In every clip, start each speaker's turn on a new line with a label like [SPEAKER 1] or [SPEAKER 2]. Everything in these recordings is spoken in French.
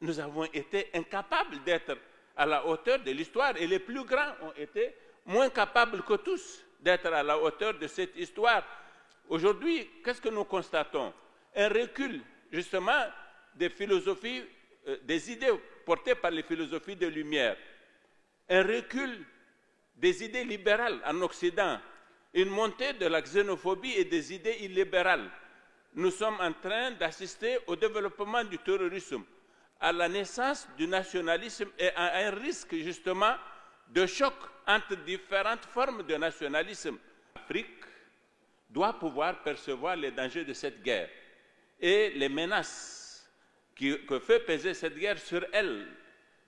[SPEAKER 1] nous avons été incapables d'être à la hauteur de l'histoire et les plus grands ont été moins capables que tous d'être à la hauteur de cette histoire. Aujourd'hui, qu'est-ce que nous constatons Un recul justement des philosophies, euh, des idées portées par les philosophies de lumière, un recul des idées libérales en Occident, une montée de la xénophobie et des idées illibérales. Nous sommes en train d'assister au développement du terrorisme à la naissance du nationalisme et à un risque justement de choc entre différentes formes de nationalisme. L'Afrique doit pouvoir percevoir les dangers de cette guerre et les menaces que fait peser cette guerre sur elle,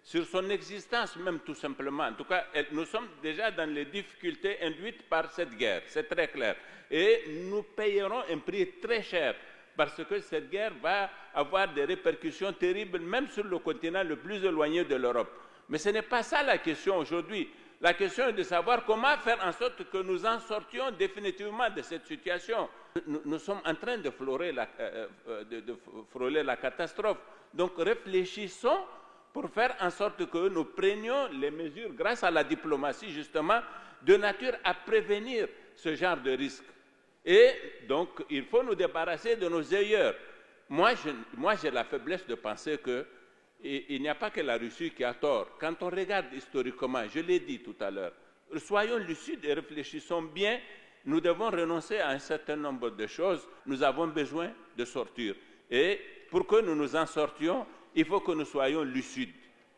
[SPEAKER 1] sur son existence même tout simplement. En tout cas, nous sommes déjà dans les difficultés induites par cette guerre, c'est très clair. Et nous payerons un prix très cher parce que cette guerre va avoir des répercussions terribles même sur le continent le plus éloigné de l'Europe. Mais ce n'est pas ça la question aujourd'hui. La question est de savoir comment faire en sorte que nous en sortions définitivement de cette situation. Nous, sommes en train de la, euh, euh, euh, de frôler la catastrophe. Donc réfléchissons pour faire en sorte que nous prenions les mesures, grâce à la diplomatie justement, de nature à prévenir ce genre de risque. Et donc, il faut nous débarrasser de nos ailleurs. Moi, j'ai la faiblesse de penser qu'il n'y a pas que la Russie qui a tort. Quand on regarde historiquement, je l'ai dit tout à l'heure, soyons lucides et réfléchissons bien. Nous devons renoncer à un certain nombre de choses. Nous avons besoin de sortir. Et pour que nous nous en sortions, il faut que nous soyons lucides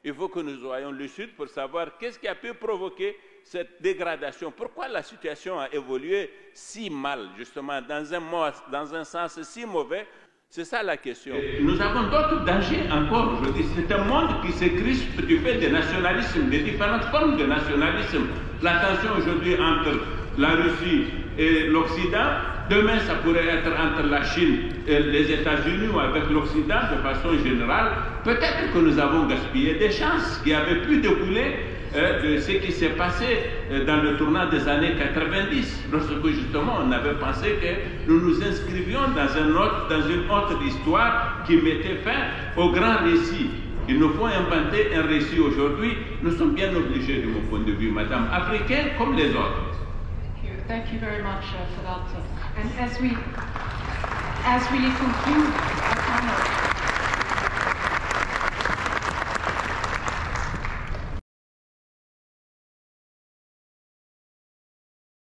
[SPEAKER 1] il faut que nous voyons le Sud pour savoir qu'est-ce qui a pu provoquer cette dégradation. Pourquoi la situation a évolué si mal, justement, dans un, dans un sens si mauvais C'est ça la question. Nous avons d'autres dangers encore aujourd'hui. C'est un monde qui se crispe du fait des nationalismes, des différentes formes de nationalisme. La tension aujourd'hui entre la Russie et l'Occident. Demain, ça pourrait être entre la Chine et les États-Unis ou avec l'Occident de façon générale. Peut-être que nous avons gaspillé des chances qui avaient pu découler euh, de ce qui s'est passé euh, dans le tournant des années 90, lorsque justement on avait pensé que nous nous inscrivions dans, un autre, dans une autre histoire qui mettait fin au grand récit. Il nous faut inventer un récit aujourd'hui. Nous sommes bien obligés, de mon point de vue, madame, africains comme les autres. Thank you very much uh, for that. And as we, as we conclude our panel,